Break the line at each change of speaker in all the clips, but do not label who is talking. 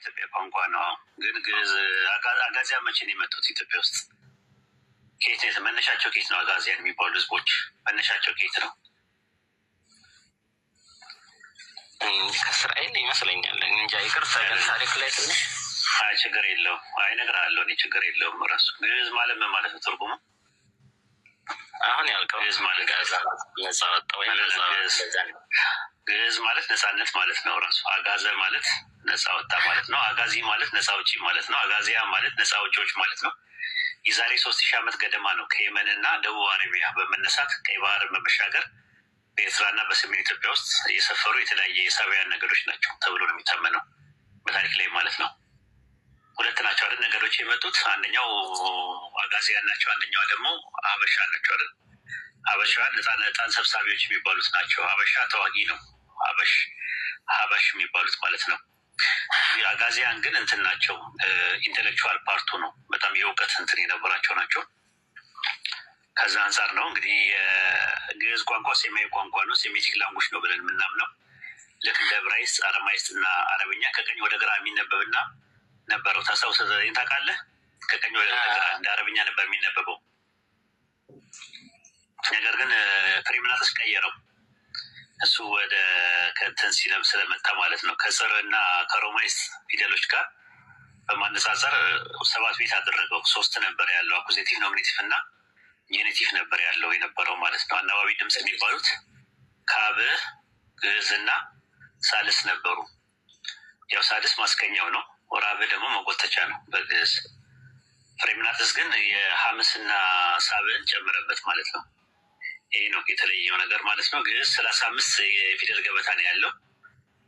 ኢትዮጵያ ቋንቋ ነው። ግን ግዕዝ አጋዚያን መቼ ነው የመጡት ኢትዮጵያ ውስጥ? ኬት ነው መነሻቸው? ኬት ነው አጋዚያን የሚባሉ ህዝቦች መነሻቸው ኬት ነው?
ከእስራኤል ይመስለኛል። እንጃ ይቅርታ፣ ታሪክ ላይ ትንሽ
አይ ችግር የለውም። አይ ነገር አለው እኔ ችግር የለውም። እራሱ ግዕዝ ማለት ምን ማለት ነው? ትርጉሙ አሁን ያልከው ግዕዝ ማለት
ነጻ ወጣ ወይ ነጻ
ግዕዝ ማለት ነፃነት ማለት ነው። ራሱ አጋዘ ማለት ነፃ ወጣ ማለት ነው። አጋዚ ማለት ነፃ ውጪ ማለት ነው። አጋዚያ ማለት ነፃ ውጪዎች ማለት ነው። የዛሬ ሶስት ሺህ ዓመት ገደማ ነው ከየመን እና ደቡብ አረቢያ በመነሳት ቀይ ባህርን በመሻገር በኤርትራና በሰሜን ኢትዮጵያ ውስጥ የሰፈሩ የተለያየ የሳቢያን ነገዶች ናቸው ተብሎ ነው የሚታመነው በታሪክ ላይ ማለት ነው። ሁለት ናቸው አይደል ነገዶች የመጡት አንደኛው አጋዚያን ናቸው፣ አንደኛው ደግሞ አበሻ ናቸው አይደል አበሻ ህጻን ሰብሳቢዎች የሚባሉት ናቸው። አበሻ ተዋጊ ነው። አበሽ ሀበሽ የሚባሉት ማለት ነው። አጋዚያን ግን እንትን ናቸው። ኢንቴሌክቹዋል ፓርቱ ነው። በጣም የእውቀት እንትን የነበራቸው ናቸው። ከዛ አንጻር ነው እንግዲህ የግዕዝ ቋንቋ ሴማዊ ቋንቋ ነው፣ ሴሜቲክ ላንጉጅ ነው ብለን የምናምነው። ልክ እንደ ዕብራይስጥ፣ አረማይስጥ እና አረብኛ ከቀኝ ወደ ግራ የሚነበብና ነበረው። ታስታውሰህ ታውቃለህ? ከቀኝ ወደ ግራ እንደ አረብኛ ነበር የሚነበበው ነገር ግን ፍሬምናትስ ቀየረው እሱ ወደ ከንትን ሲለም ስለመጣ ማለት ነው። ከጽር እና ከሮማይስ ፊደሎች ጋር በማነጻጸር ሰባት ቤት አደረገው። ሶስት ነበር ያለው አኩዜቲቭ፣ ኖሚኔቲቭ እና ኔቲቭ ነበር ያለው የነበረው ማለት ነው። አናባቢ ድምፅ የሚባሉት ካብ፣ ግዕዝ እና ሳልስ ነበሩ። ያው ሳልስ ማስገኛው ነው። ወራብ ደግሞ መጎተቻ ነው በግዕዝ። ፍሬምናትስ ግን የሐምስና ሳብን ጨምረበት ማለት ነው። ይሄ ነው የተለየው ነገር ማለት ነው። ግን ሰላሳ አምስት የፊደል ገበታ ነው ያለው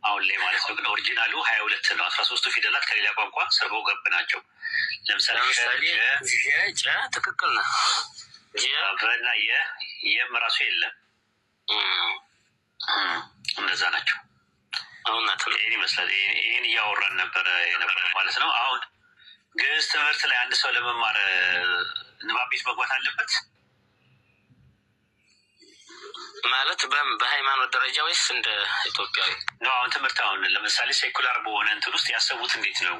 አሁን ላይ ማለት ነው። ግን ኦሪጂናሉ ሀያ ሁለት ነው። አስራ ሶስቱ ፊደላት ከሌላ ቋንቋ ሰርቦ ገብ ናቸው። ለምሳሌ ትክክል ነው። የ የም ራሱ የለም። እነዛ ናቸው። ይህን ይመስላል። ይህን እያወራን ነበረ የነበረ ማለት ነው። አሁን ግዕዝ ትምህርት ላይ አንድ ሰው ለመማር ንባብ ቤት መግባት አለበት።
ማለት በሃይማኖት ደረጃ ወይስ እንደ ኢትዮጵያዊ
ነው? አሁን ትምህርት አሁን ለምሳሌ ሴኩላር በሆነ እንትን ውስጥ ያሰቡት እንዴት ነው?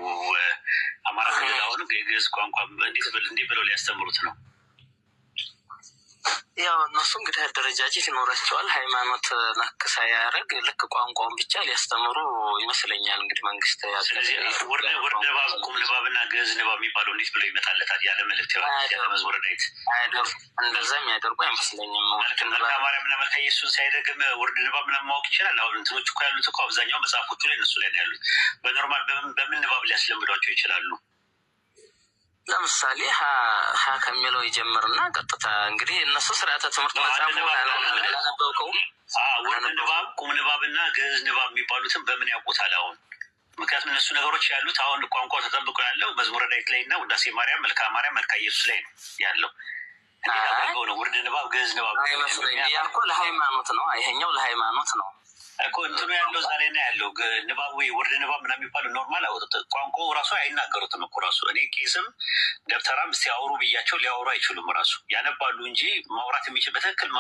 አማራ ክልል አሁን ግዕዝ ቋንቋ እንዴት ብለው ሊያስተምሩት ነው?
ያው እነሱ እንግዲህ አደረጃጀት ይኖራቸዋል። ሃይማኖት ነክ ሳያደርግ ልክ ቋንቋውን ብቻ ሊያስተምሩ ይመስለኛል እንግዲህ መንግስት።
ስለዚህ ወርደ ንባብ ቁም ንባብና ግዕዝ ንባብ የሚባለው እንዴት ብሎ ይመጣለታል? ያለ መልእክት ያለመዝሙር ዳዊት
እንደዛ የሚያደርጉ አይመስለኝም።
መልክዓ ማርያምና መልክዓ ኢየሱስን ሳይደግም ወርድ ንባብ ምናምን ማወቅ ይችላል። አሁን እንትኖች እኮ ያሉት እኮ አብዛኛው መጽሐፎቹ ላይ እነሱ ላይ ነው ያሉት። በኖርማል በምን ንባብ ሊያስለምዷቸው ይችላሉ?
ለምሳሌ ሀ ከሚለው ይጀምርና ቀጥታ እንግዲህ እነሱ ስርዓተ ትምህርት መጽሐፉ አላነበብከውም።
ወርድ ንባብ፣ ቁም ንባብ እና ግዕዝ ንባብ የሚባሉትን በምን ያውቁታል? አሁን ምክንያቱም እነሱ ነገሮች ያሉት አሁን ቋንቋ ተጠብቆ ያለው መዝሙረ ዳዊት ላይ እና ውዳሴ ማርያም፣ መልካ ማርያም፣ መልካ ኢየሱስ ላይ ነው ያለው። እንዴት ነው ወርድ ንባብ፣ ግዕዝ ንባብ?
እያልኩ ለሃይማኖት ነው ይሄኛው፣ ለሃይማኖት ነው
እኮ እንትኑ ያለው ዛሬ ና ያለው ንባብ ወይ ወርደ ንባብ ምና የሚባለው ኖርማል ቋንቋው ራሱ አይናገሩትም እኮ ራሱ። እኔ ቄስም ደብተራም ሲያወሩ ብያቸው ሊያወሩ አይችሉም። ራሱ ያነባሉ እንጂ ማውራት የሚችል በትክክል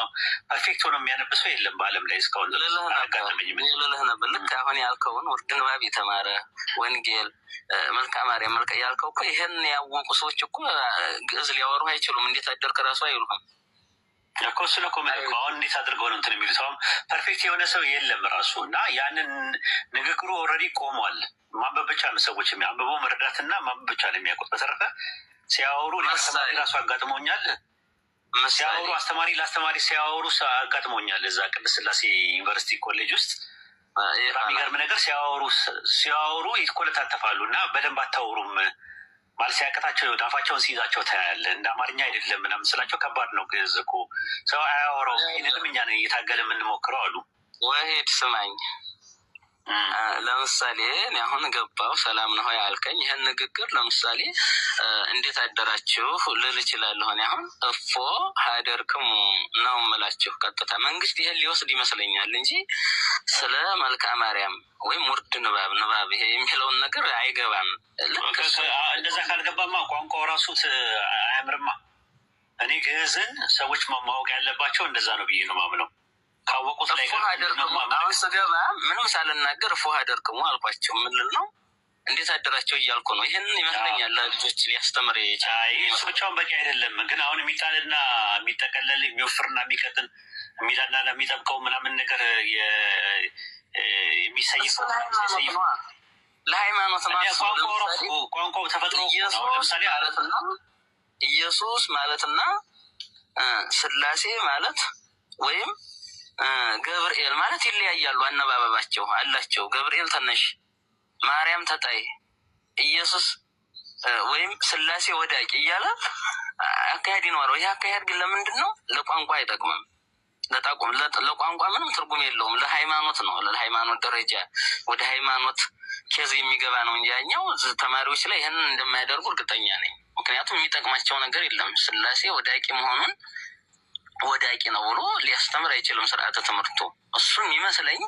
ፐርፌክት ሆነ የሚያነብሰው የለም በዓለም ላይ እስካሁን
ልልህ ነበር። ልክ አሁን ያልከውን ወርደ ንባብ የተማረ ወንጌል መልካ ማርያም መልካ ያልከው እኮ ይህን ያወቁ ሰዎች እኮ ግዕዝ ሊያወሩ አይችሉም። እንዴት አደርክ ራሱ አይሉም
እኮ እሱ ነው እኮ የምልህ። አሁን እንዴት አድርገው ነው እንትን የሚሉት? አሁን ፐርፌክት የሆነ ሰው የለም ራሱ እና ያንን ንግግሩ ኦልሬዲ ቆሟል። ማንበብ ብቻ ነው ሰዎች የሚያንበበው መረዳትና ማንበብ ብቻ ነው የሚያውቁት። በተረፈ ሲያወሩ አስተማሪ ራሱ አጋጥሞኛል። ሲያወሩ አስተማሪ ለአስተማሪ ሲያወሩ አጋጥሞኛል። እዛ ቅድስት ሥላሴ ዩኒቨርሲቲ ኮሌጅ ውስጥ የሚገርም ነገር ሲያወሩ ሲያወሩ ይኮለታተፋሉ እና በደንብ አታወሩም ማለት ሲያቅታቸው ዳፋቸውን ሲይዛቸው ታያለ። እንደ አማርኛ አይደለም ምናምን ስላቸው ከባድ ነው። ግዕዝ እኮ ሰው አያወራው። ይህንንም እኛ እየታገለ የምንሞክረው አሉ።
ወሄድ ስማኝ፣ ለምሳሌ እኔ አሁን ገባው ሰላም ነው ያልከኝ፣ ይህን ንግግር ለምሳሌ እንዴት አደራችሁ ልል እችላለሁ። እኔ አሁን እፎ ሀደርክሙ ነው የምላችሁ። ቀጥታ መንግስት ይህን ሊወስድ ይመስለኛል እንጂ ስለ መልካ ማርያም ወይም ውርድ ንባብ ንባብ ይሄ የሚለውን ነገር አይገባም።
እንደዛ ካልገባማ ቋንቋው ራሱ አያምርማ። እኔ ግዕዝን ሰዎች ማወቅ ያለባቸው እንደዛ ነው ብዬ ነው ማምነው። ካወቁት ላይ
ስገባ ምንም ሳልናገር ፎህ አደርግሙ አልኳቸው። ምልል ነው እንዴት አደራቸው እያልኩ ነው። ይህን ይመስለኛል ልጆች ሊያስተምር
ይቻልሱ ብቻውን በቂ አይደለም። ግን አሁን የሚጣልና የሚጠቀለል የሚወፍርና የሚቀጥል የሚላና ለሚጠብቀው ምናምን ነገር የሚሰይፈው ለሃይማኖት ቋንቋው ተፈጥሮ
ለምሳሌ ኢየሱስ ማለትና ስላሴ ማለት ወይም ገብርኤል ማለት ይለያያሉ። አነባበባቸው አላቸው። ገብርኤል ትንሽ፣ ማርያም ተጣይ፣ ኢየሱስ ወይም ስላሴ ወዳቂ እያለ አካሄድ ይኖረው። ይህ አካሄድ ግን ለምንድን ነው? ለቋንቋ አይጠቅምም። ለቋንቋ ምንም ትርጉም የለውም። ለሃይማኖት ነው ለሃይማኖት ደረጃ ወደ ሃይማኖት ኬዝ የሚገባ ነው እንጂ ያኛው ተማሪዎች ላይ ይህንን እንደማያደርጉ እርግጠኛ ነኝ። ምክንያቱም የሚጠቅማቸው ነገር የለም። ስላሴ ወዳቂ መሆኑን ወዳቂ ነው ብሎ ሊያስተምር አይችልም ስርዓተ ትምህርቱ። እሱም ይመስለኝ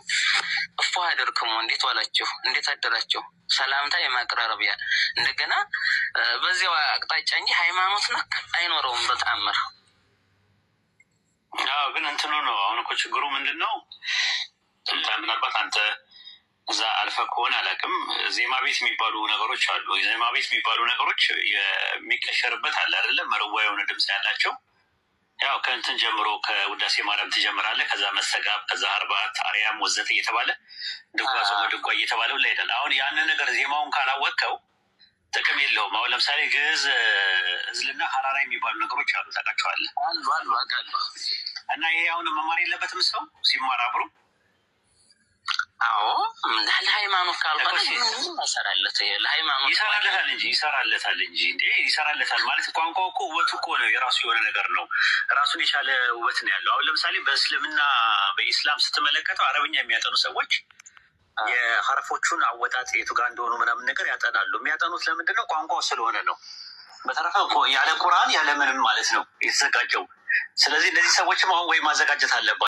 እፎ አደርክሙ እንዴት ዋላችሁ፣ እንዴት አደራችሁ ሰላምታ የማቅራረቢያ እንደገና በዚያው አቅጣጫ እንጂ ሃይማኖት ነክ አይኖረውም በተአምር
ግን እንትኑ ነው። አሁን እኮ ችግሩ ምንድን ነው? ምናልባት አንተ እዛ አልፈ ከሆነ አላውቅም። ዜማ ቤት የሚባሉ ነገሮች አሉ። ዜማ ቤት የሚባሉ ነገሮች የሚቀሸርበት አለ አይደለም? መርዋ የሆነ ድምፅ ያላቸው ያው ከእንትን ጀምሮ ከውዳሴ ማርያም ትጀምራለህ። ከዛ መሰጋብ፣ ከዛ አርባት፣ አርያም ወዘተ እየተባለ ድጓ ድጓ እየተባለ ሁላ አሁን ያንን ነገር ዜማውን ካላወቀው ጥቅም የለውም። አሁን ለምሳሌ ግዕዝ፣ እዝልና ሀራራ የሚባሉ ነገሮች አሉ። ታውቃቸዋለህ? እና ይሄ አሁን መማር የለበትም ሰው ሲማር አብሮ
አዎ ለሃይማኖት ካልሆነ
ለሃይማኖት ይሰራለታል እንጂ ይሰራለታል እንጂ እንዴ ይሰራለታል ማለት ቋንቋ እኮ ውበቱ እኮ ነው። የራሱ የሆነ ነገር ነው። ራሱን የቻለ ውበት ነው ያለው። አሁን ለምሳሌ በእስልምና በኢስላም ስትመለከተው አረብኛ የሚያጠኑ ሰዎች የሀረፎቹን አወጣጥ የቱ ጋር እንደሆኑ ምናምን ነገር ያጠናሉ። የሚያጠኑት ለምንድን ነው? ቋንቋው ስለሆነ ነው። በተረፈ ያለ ቁርአን ያለ ምንም ማለት ነው የተዘጋጀው። ስለዚህ እነዚህ ሰዎችም አሁን ወይ ማዘጋጀት አለባቸው